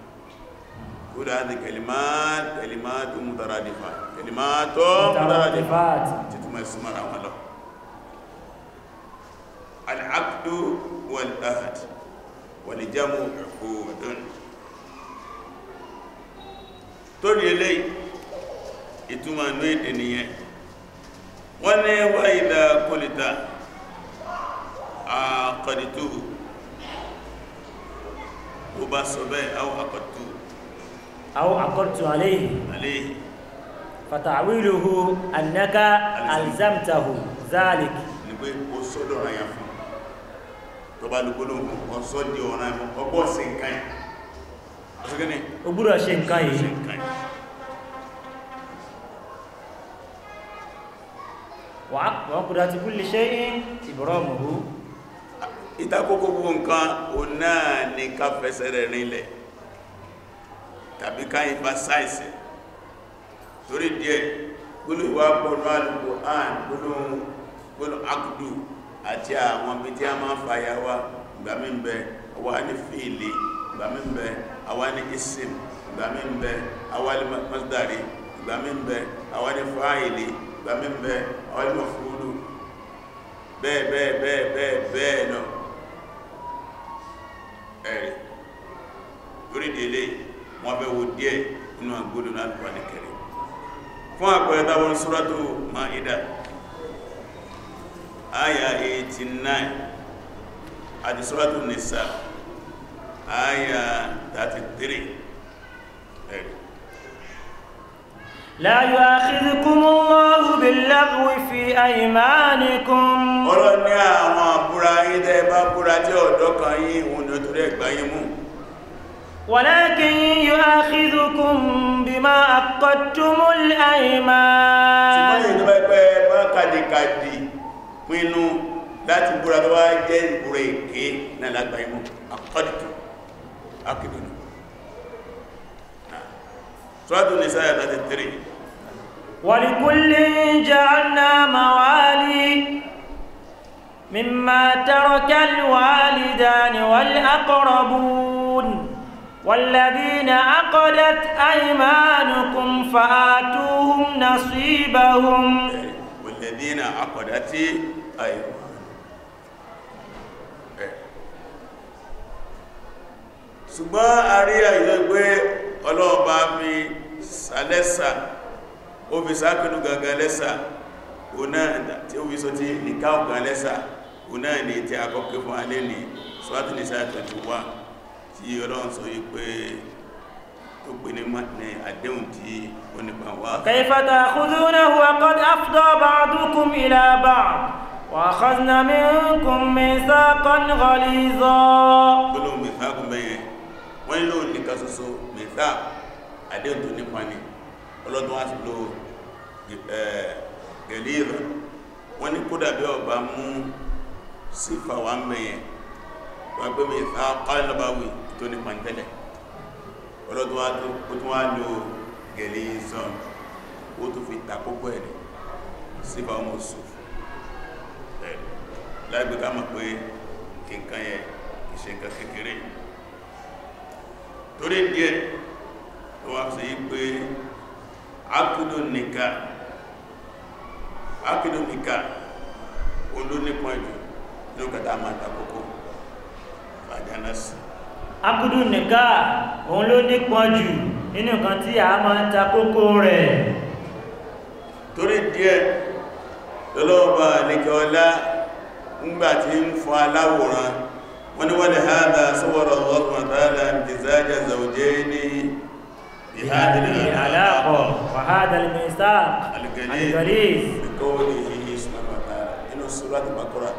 كل هذه كلمات كلمات مترادفات كلمات مترادفات تتم اسمها الله العقد والعهد والجمع عقود torí لي ìtumọ̀ ní èdè nìyẹn wọ́n آه wáyìdá tó bá sọ bẹ́ẹ̀ aw aqadtu aw aqadtu alayhi alayhi fata'wiluhu annaka alzamtahu zalik ni pé ó sọ́dọ̀ ara yẹn fún tó bá lùgbọ́dọ̀ sọ́ di ọ̀ràn ẹ̀fọ́ ọgbọ́ sí nǹkan yìí ó gbọ́dọ̀ ṣe nǹkan yìí wà á kúrò àti kulli shay'in ìbọ̀rọ̀ mọ̀rú ita gbogbo nǹkan o náà ní ká fẹsẹ̀ rẹ̀ rinlẹ̀ tàbí ká ìfà sáìsì torí díẹ̀ gbólú pọ̀lú àn gbólú akudu àti àwọn bí tí a máa fàyà wa gbàmí ń bẹ ní gbàmí ń bẹ ní isim gbàmí ń bẹ àwa ní masdari ẹ̀rì eh, lórí ìdílé wọ́n bẹ̀ wo díẹ̀ nínú àgbódò lálùwà ní kẹrẹ fún àpẹẹrẹ táwọn suratu Maida àyà 89 àti suratu Nisa àyà 33 eri. Eh. لا يؤاخذكم الله باللغو في أيمانكم ọ̀rọ̀ ní àwọn àbúra yín tẹ́ bá búra tí ọ̀dọ́ kan yín òun ló torí ẹ̀gbá yín mú ولكن يؤاخذكم بما عقدتم الأيمان ṣùgbọ́n èyí tó bá pẹ́ bá kàdìkàdì pinnu láti búra tó bá jẹ́ ìbúra èké náà lágbàá yín mú àkọ́dìtù àkìdùnú Suratu Nisa ayat 33. Walikullin ja'alna mawali mimma tarakal walidani wal aqrabun والذين عقدت أيمانكم فآتوهم نصيبهم والذين عقدت أيمانكم ṣùgbọ́n a rí àyíká pé ọlọ́run bá fi sàlẹ́sà ó fi sákínú gangan lẹ́sà tí ó fi sọ tí nìká ọ̀gá lẹ́sà ò náà ní tí a kọ́kẹ́ fún alẹ́ ní swat 21 tí ọlọ́run sọ yí pé tó pè ní àdéhùn tí ó nípa wá kayfa ta'khudunahu wa qad afda Islam àdéhùn tó nípa ní ọlọ́dún wá sí lo eh, gẹ̀lẹ́rẹ̀ wọ́n ní kódà bí ọba mú sífà wà mẹ́yẹn wọ́n pẹ́ mi àkọ́lọ́báwì ah, tó nípa tẹ́lẹ̀ ọlọ́dún wá tó wá lo gẹ̀lẹ́ ó tó fi takókò ẹ̀ sífà ọmọ sùn láìpẹ́ ká mọ̀ pé kí nǹkan ìṣe nǹkan kékeré torí díẹ̀ tó wá sí pé ákùdó nìka ákùdó nìka olónípọn jù ló kẹta máa takókó fàjánà tí a máa takókó rẹ̀ torí díẹ̀ lọ́lọ́ọ̀bà nìkẹ́ ọlá ńgbàtí ń wani wani hada sọ́wọ́rọ̀ ọlọ́pàá بهذه العلاقة وهذا الميثاق الجليل بقوله سبحانه وتعالى إنه سورة البقرة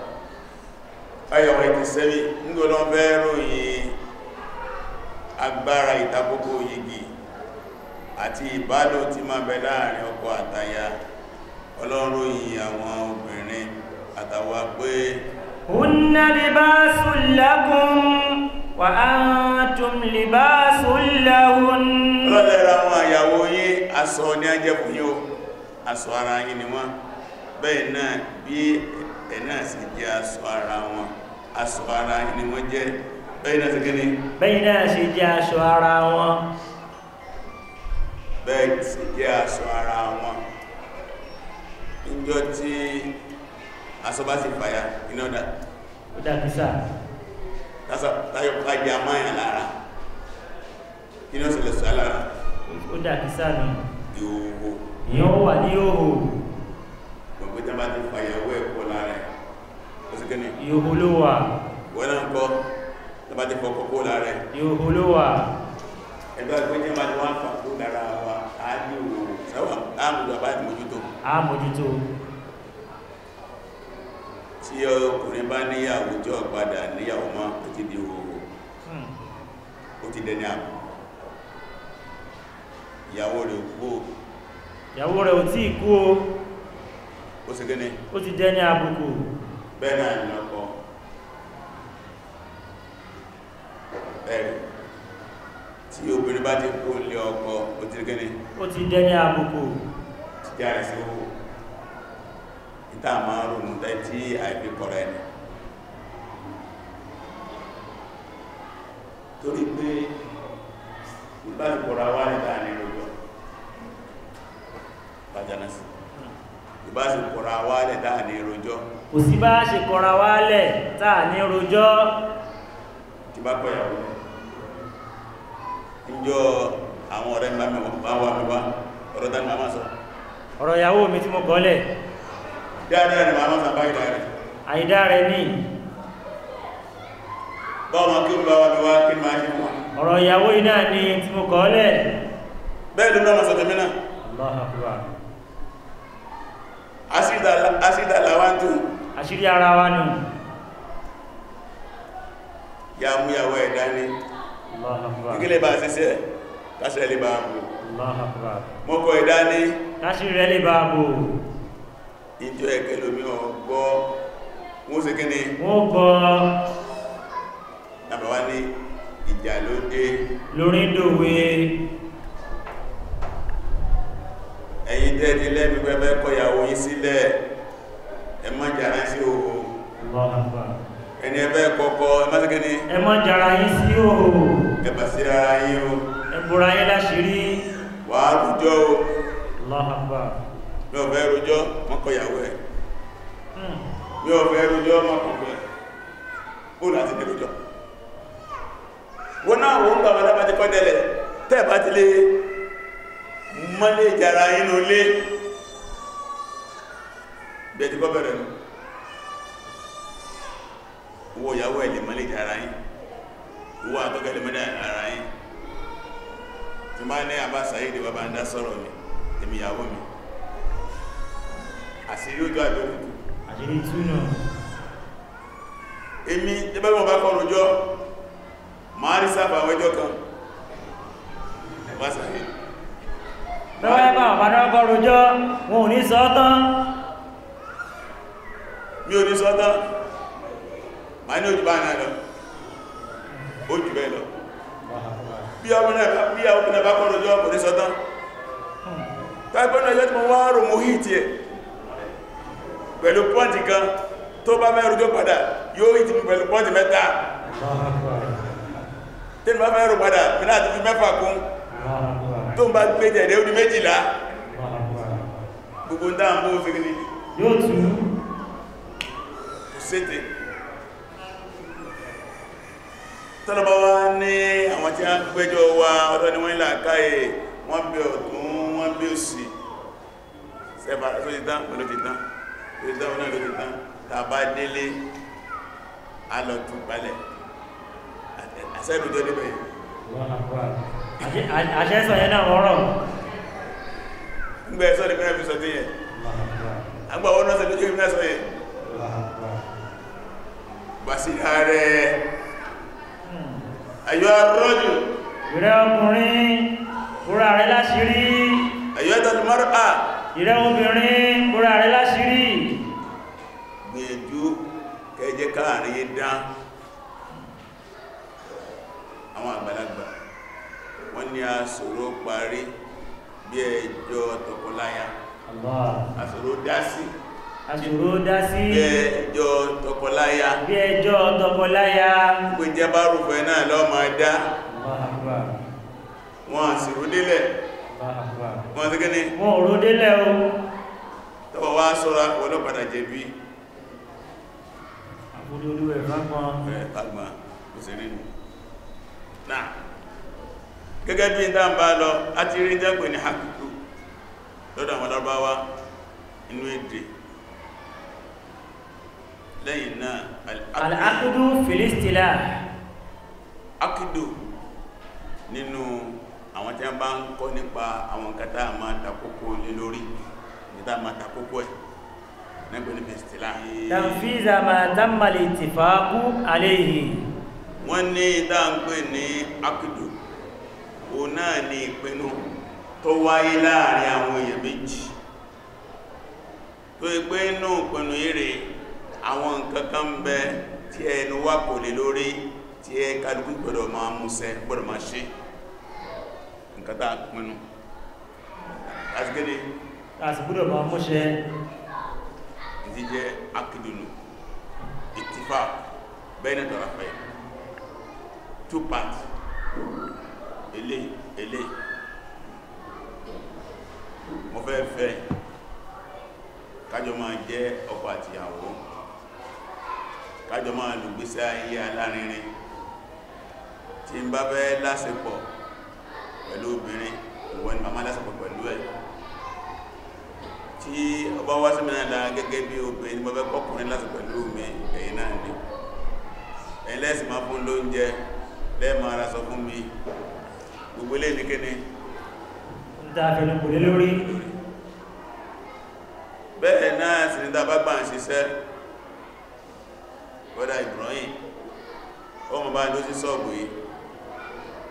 ayọ̀ ẹ̀kì sẹ́rí ńgbọ́nà bẹ́ẹ̀rù yìí agbára ìtàkókò yìí àti ìbálò tí máa bẹ láàrin ọkọ àtaya ọlọ́rọ̀ àwọn obìnrin àtàwà pé hunna libasul lakum wà á tún lè bá sólàwọ́n lọ́lẹ́ra wọn àyàwó yí aṣọ ní ajẹ́ fún yíó aṣọ ara yí ni wọ́n bẹ́ẹ̀ náà bí ẹ̀ náà sì jẹ́ aṣọ ara wọn aṣọ ara yí ni wọ́n jẹ́ bẹ́ẹ̀ náà sì kí bẹ́ẹ̀ náà sì jẹ́ aṣọ ara wọn láyọ̀pájá máyà lára kí ní ọ̀sẹ̀lẹ̀ sọ lára ó dà kí sáà nù ìhòhò ìyàn wà ní ìhòhò gbogbo jẹ́ bá ti fàyàwó ẹ̀kọ́ lára ẹ̀ ó sì kẹ́ni ìhòhò ló wà wọ́n náà ń kọ́ tàbá ti fọ́ kọ́kọ́ lára ẹ̀ ìhòhò ló wà ẹgbẹ́ ìgbẹ́ jẹ́ bá ti wọ́n fà kó lára wa á ní ìhòhò sáwà á mójútó á mójútó tí ọkùnrin bá níyàwó jọ padà níyàwó mọ́ ó ti di òwò hmm. ó ti dẹni àbò ìyàwó rẹ̀ kú o ìyàwó rẹ̀ ò tí ì kú o ó sì gẹ́ni ó ti dẹni àbùkù bẹ́ẹ̀ náà ni ọkọ tí obìnrin bá ti kú lé ọkọ ó ti gẹ́ni ó ti dẹni àbùkù ti tá a máa ronú tẹ́tí àìfi kọ̀rọ̀ ẹni torí pé ìbáṣepọ̀rọ̀ wa ní tàà ní gbogbo bàjánà sí ìbáṣepọ̀rọ̀ wa lẹ̀ tàà ní rojọ́ kò sí bá ṣe kọ̀rọ̀ wa lẹ̀ tàà ní rojọ́ tí bá kọ̀ yàwó níjọ́ àwọn ọ̀rẹ́ mi bá wà mí ọ̀rọ̀ dání sọ ọ̀rọ̀ ìyàwó mi tí mo kọ́ dáadáa rẹ̀ máa mọ́ta báyìí dáadáa rẹ̀ àìdá rẹ̀ ní bọ́ọ̀mọ̀ kí o bá wà lọ́wọ́ kí máa ṣe wọ́n ọ̀rọ̀ ìyàwó iná ni tí mo kọ́ lẹ̀ bẹ́ẹ̀ ló lọ́nà sọ̀tẹ̀ mìíràn asídà làwántù àṣírí ara wa nù yàmúyàwó ẹ̀dá ní ìgílẹ̀ bá ṣiṣẹ́ káṣẹ́ lè bá bò mọ́kọ̀ ẹ̀dá ní káṣí rẹ̀ lè bò ìjọ ẹ̀kẹ́ lómi ọgbọ́ wọ́n ṣe kíni wọ́n gbọ́ nàbàwá ní ìjà ló dé lórí dòwe ẹ̀yin tẹ́ẹ̀dì lẹ́nu pẹ́pẹ́ kọyàwó yí sílẹ̀ ẹ má jàrá sí òhò ẹni ẹbẹ́ kọ́kọ́ ẹ má ṣe kíni ẹ má jàrá yí sí òhò ẹ bà sí ara yí o ẹ Allah Akbar mi ò fẹ́ rojọ́ mọ́kànyàwó ẹ̀ mi ò fẹ́ rojọ́ mọ́kànlẹ̀ ó láti lè rojọ́ wọ́n náà wọ́n gbàmọ́ lábá ti kọ́ dẹ̀lẹ̀ tẹ́ bá ti lè mọ́lé ìjàrá inú lé bẹ́ẹ̀ ti kọ́ bẹ̀rẹ̀ nù owó ìyàwó ẹ̀ lè mọ́lé ìjàrá yìí owó àtọ́kẹ́ lè mọ́lé ara yìí tí máa ní àbá sàyédè bàbá ń dá sọ́rọ̀ mi èmi ìyàwó mi àṣírí ojú àlókù àṣírí ìtúnà èmi tẹ́bẹ́gbọ́n bá kọ́ rojọ́ máa rí sáàbà wẹ́jọ́ kan ẹ̀bá sàárè rọ́wẹ́bà ọ̀pàdọ́gọ́ rojọ́ wọn ò ní sọ́tán mi ò ní sọ́tán ma ní ojú bá náà lọ ojú bẹ́ẹ̀ lọ bí ọmọ náà bá kọ́ rojọ́ kò ní sọ́tán hmm. tágbọ́n náà yẹ́ tí mo wá rò mo hìí tiẹ̀ pẹ̀lú pọ́ǹtì kan tó bá mẹ́rù tó padà yóò ìtì pẹ̀lú pọ́ǹtì mẹ́ta tí ma mẹ́rù padà mìíràn àti fi mẹ́fà kún tó ń bá gbé jẹ̀dẹ̀ ó di méjìlá gbogbo dáa mú fi ní yóò tú kò sété tọ́lọ́bá wá ní àwọn tí a ń gbẹ́jọ́ wa ọ̀dọ́ tó ti dán pẹ̀lú ti dán ìtọ́wọ́ náà ló ti tán tàbá délé alọ̀tún balẹ̀ àṣẹ́lù tó débẹ̀ àṣẹ́sọ̀ yẹn náà wọ́rọ̀ gbẹ̀ sọ́dí mẹ́rin fi sọ tí yẹn agbà wọ́n náà sẹ́lú mẹ́rin sọ yẹn gbàsí ààrẹ ayọ́ arọ́jù ìrẹ́ ọkùnrin búra rẹ̀ láṣìírí ayọ́ ìtàlùmọ́rọ̀ à ìrẹ́ obìnrin búra rẹ̀ láṣìírí jẹ́ káàrin dá àwọn àgbàlagbà wọ́n ní àṣòro parí bí ẹjọ́ tọkọláya àṣòro dásí àṣòro dásí bí ẹjọ́ tọkọláya bí ẹjọ́ tọkọláya pé jẹ́ bá rúfẹ́ náà lọ máa dá wọ́n àṣìrò délẹ̀ wọ́n ti gẹ́ni wọ́n òrò délẹ̀ o tọ́wọ́ wá sọ́ra wọ́n lọ́pàdà orí olúwẹ̀ lágbọn ẹ̀ lágbọn ó sì gẹ́gẹ́ bí ìdá ń bá lọ a ti rí jẹ́pẹ̀ ní hakiku lọ́dọ̀ àwọn lọ́bàáwá inú èdè lẹ́yìn náà al'akudu filistila akudu nínú àwọn tí a bá ń kọ́ nípa àwọn kátà máa takókó lé lórí kátà máa takókó ẹ̀ tàǹfíìzà máa tàmàlì tìfàákú aléhì wọ́n ní ìdáǹpẹ́ ní akìdù o náà ní ìpinnu tó wáyé láàrin àwọn èèyàn méjì tó ìpé inú ìpinnu ire àwọn nǹkan kan ń bẹ tí ẹnu wá kò lè lórí tí ẹ e kálukú gbọ́dọ̀ máa múṣẹ gbọ́dọ̀ máa ṣe nǹkan tá pinnu láti gbọ́dọ̀ máa múṣẹ ti jẹ́ akidunu ìtìfà bẹ́ẹ̀ náà tọ́ra fẹ́ two parts ele ele mo fẹ́ fẹ́ kájọ máa jẹ́ ọkọ àtìyàwó kájọ máa lùgbésí ayé alárinrin tí n bá fẹ́ lásìpọ̀ pẹ̀lú obìnrin ìwọ ni màmá lásìpọ̀ pẹ̀lú ẹ̀ tí ọba wá sí mìíràn gẹ́gẹ́ bí obìnrin bọ́bẹ́ kọkùnrin láti pẹ̀lú mi ẹ̀yìn náà ni ẹlẹ́sì máa fún lóúnjẹ lẹ́ẹ̀mọ́ ara sọ fún mi gbogbo ilé nìkéni bẹ́ẹ̀ náà sì ní ń ṣiṣẹ́ Ibrahim ọmọ bá ló sí yìí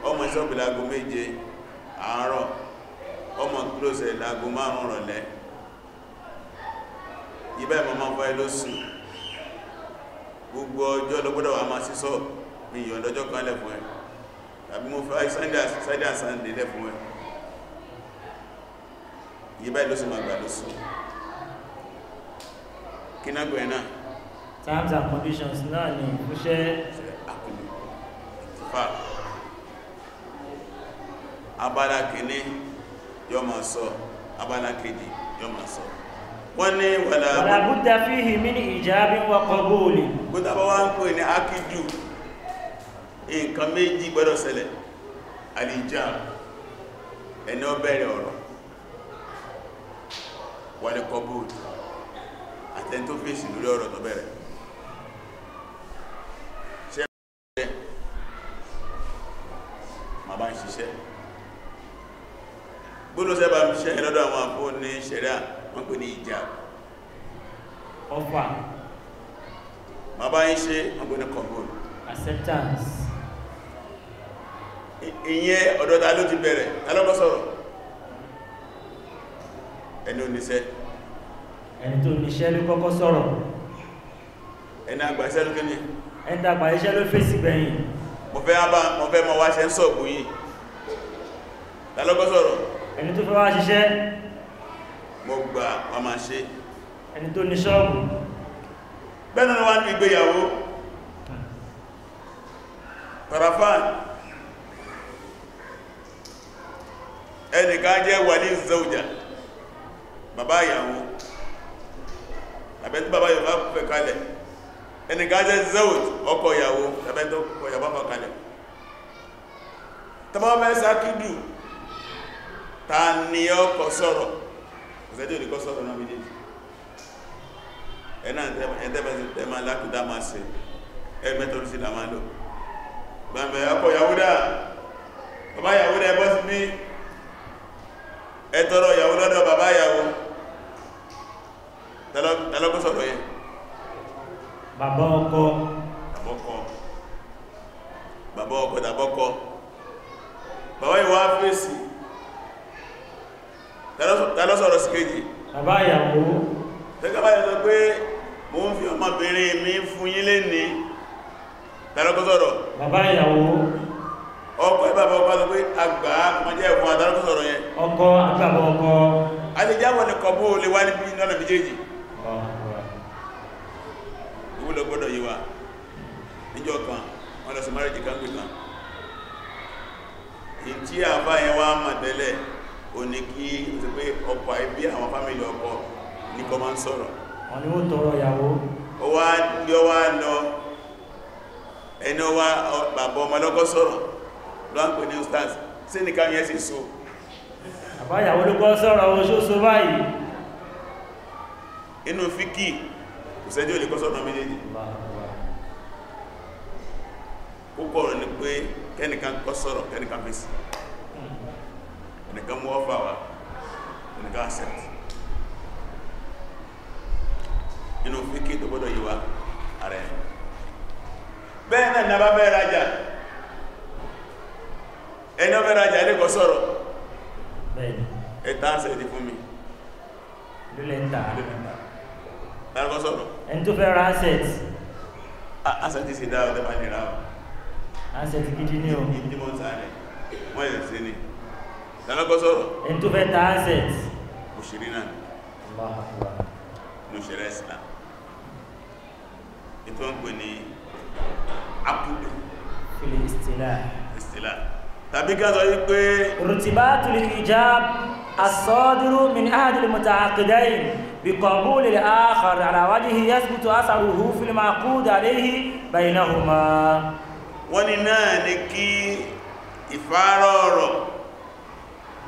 ọmọ lágo méje àárọ̀ ọmọ ìbá ìmọ̀ máa ń ló sùn gbogbo ọjọ́ lọ́gbọ́dọ̀ wà máa sísọ́ mi yọ̀ lọ́jọ́ kan lẹ́fún ẹ tàbí mo fáyé sunday and sunday lẹ́fún ẹ ìbá ìlú sùn máa ló sùn kí náà gbẹ̀ẹ́ náà times and conditions náà ni ó ṣe àkùnrin abala kìíní yọ ma sọ abala kejì yọ ma sọ wọ́n ní wàlàbúdà fíhì mí ní ìjábí wà kọgbóòlì kó tàbá wá ń pè ní akídù nǹkan méjì gbọ́dọ̀ ṣẹlẹ̀ alìjá ẹni ó bẹ̀rẹ̀ ọ̀rọ̀ wàlẹ̀ kọgbóòlì àtẹn tó fèsì lórí ọ̀rọ̀ tó bẹ̀rẹ̀ ṣe ma bá ń ṣiṣẹ́ gbọ́dọ̀ sẹ́bà ń ṣiṣẹ́ lọ́dọ̀ àwọn àpò ní ṣẹ̀rẹ́ wọ́n pè ní hijab ọfà bàbá yí ṣe wọ́n acceptance ìyẹn ọ̀dọ́ta ló ti bẹ̀rẹ̀ alọ́gbọ́sọ̀rọ̀ ẹni oníṣẹ́ ẹni tó níṣẹ́ ló kọ́kọ́ sọ̀rọ̀ ẹni àgbà ló kí ẹni ló fèsì gbẹ̀yìn mo fẹ́ àbá mo fẹ́ mọ ń sọ̀gbù yìí ẹni mo gbà wọ́n máa ṣe ẹni tó ní ṣọ́ọ̀bù bẹ́ẹ̀ náà wá ní ìgbéyàwó parafan ẹnìkan jẹ́ wàlí zauja bàbá ìyàwó àbẹ́tí bàbá yóò fẹ́ kalẹ̀ ẹnìkan jẹ́ zauj ọkọ ìyàwó àbẹ́tí ọkọ ìyàwó fẹ́ kalẹ̀ tọ́mọ́ mẹ́sàkídù ta ni ọkọ sọ̀rọ̀ me. ìfẹ́ tí ò ní kọ́ sọ̀rọ̀ náà méjèèjì ẹ̀nà ẹ̀tẹ́mà lákùdá máa ṣe ẹ̀mẹ́tọ̀ sí ìdá máa lọ gbàmẹ̀ ọkọ̀ yàwúdá bàbá yàwúdá ẹbọ́ sí bí ẹ̀tọ́rọ yàwúdá lọ́dọ̀ bàbá yàwó tẹ́lọ́kọ́ sọ̀rọ̀ yẹn bàbá ọkọ bàbá ọkọ tàbọ́kọ bàbá ìwà fèsì tàlọ́sọ̀rọ̀ sí kejì bàbá ìyàwó tẹ́gbàbá ìyàwó pé mo ń fi ọmọbìnrin mi fún yín lé ní tàlọ́kọ́sọ̀rọ̀ ọkọ ìbàbà ọkọ tó pé àgbà mọ́jẹ́ ẹ̀fún àtàlọ́kọ́sọ̀rọ̀ yẹn ọkọ àgbàbà a ó ní kí ó ti pé ọkọ ẹbí àwọn fámílì ọkọ ní kọ máa ń sọ̀rọ̀ wọ́n ni ó tọrọ ìyàwó ó wá ní ó wá lọ ẹni ó wá bàbá ọmọ lọ́kọ́ sọ̀rọ̀ lọ́npẹ ní ustaz sí ní káyẹ sí so bàbá ìyàwó ló kọ́ sọ̀rọ̀ oṣù so báyìí inú fíkì kò sẹ́jú ò lè kọ́ sọ̀rọ̀ méjèèjì púpọ̀ rẹ̀ ni pé kẹ́nìkan kọ́ sọ̀rọ̀ kẹ́nìkan fèsì nìkan mú ọ́fà wá nìkan accept inú fíkì are. gbọ́dọ̀ yíwa ààrẹ bẹ́ẹ̀ náà nàbá bẹ́ẹ̀ rajà ẹni ọbẹ̀ rajà ilé kọ sọ̀rọ̀ ẹ̀ta ń sẹ̀dí fún mi lólẹ̀ ń tà ẹ̀kọ́ sọ̀rọ̀ ẹni tó fẹ́ ra asset asset sí dáa ọdẹ́ bá nira asset gidi ní o ní mọ́ta rẹ̀ wọ́n yẹ̀ sí ni tàlábọ́ sọ̀rọ̀ ẹni tó fẹ́ ta asset òṣèré náà ní òṣèré islam ètò ń pè ní akúlù filistila filistila tàbí ká sọ yí pé rutibatu lil ijab as min ahdi al-muta'aqidain bi qabul al-akhar ala wajhi yathbutu atharuhu fil ma'qud alayhi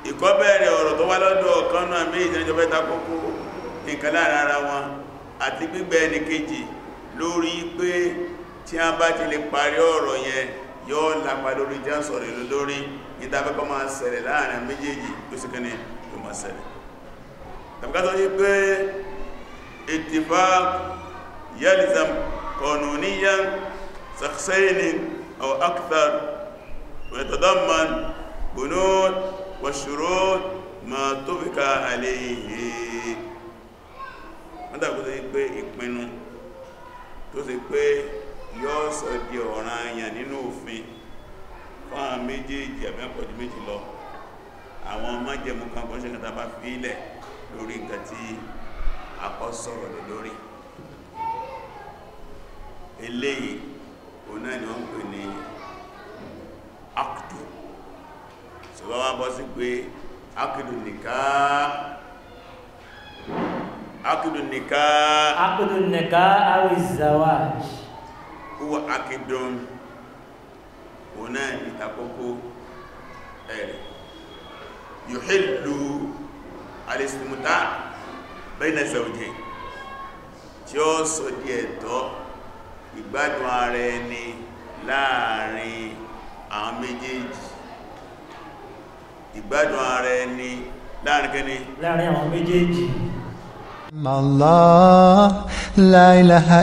ìkọ́ bẹ̀rẹ̀ ọ̀rọ̀ tó wá lọ́dọ̀ ọ̀kan náà méjì náà jọba ìta kókó nǹkan láàrin ara wọn àti gbígbẹ́ ẹni kejì lórí pé tí a bá ti lè parí ọ̀rọ̀ yẹn yóò lápa lórí jẹ́ sọ̀rọ̀ ìlú lórí ìdábẹ́kọ́ máa ṣẹlẹ̀ láàrin méjèèjì ó tó máa ṣẹlẹ̀ tàbíkátọ́ yí pé ìtìfà yẹ́lìzàm kọ̀nùníyàn sàkṣẹ́yìn أو أكثر ويتضمن بنود washurut ma tufika alayhi wọ́n tàbí tó pé ìpinnu tó ti pé yóò sọ di ọ̀ràn àyàn nínú òfin fún àwọn méjèèjì àmẹ́pọ̀jù méjì lọ àwọn májẹ̀mú kan kan ṣe kàtà bá fi ilẹ̀ lórí nǹkan tí àkọsọ̀rọ̀ lè lórí eléyìí òun náà ni wọ́n pè ní akdu ṣùgbọ́n wá bọ́ sí pé akidun nikah akidun nikah akidun nikah awi zawaj huwa akidun òun náà ìtakókó ẹ̀rẹ̀ yuhillu alìsìmúta bayna zawjayn tí ó sọ di ẹ̀tọ́ ìgbádùn ara ẹni láàrin àwọn méjèèjì ìgbádùn ara ẹni láàrin kẹni láàrin àwọn méjèèjì Allah la ilaha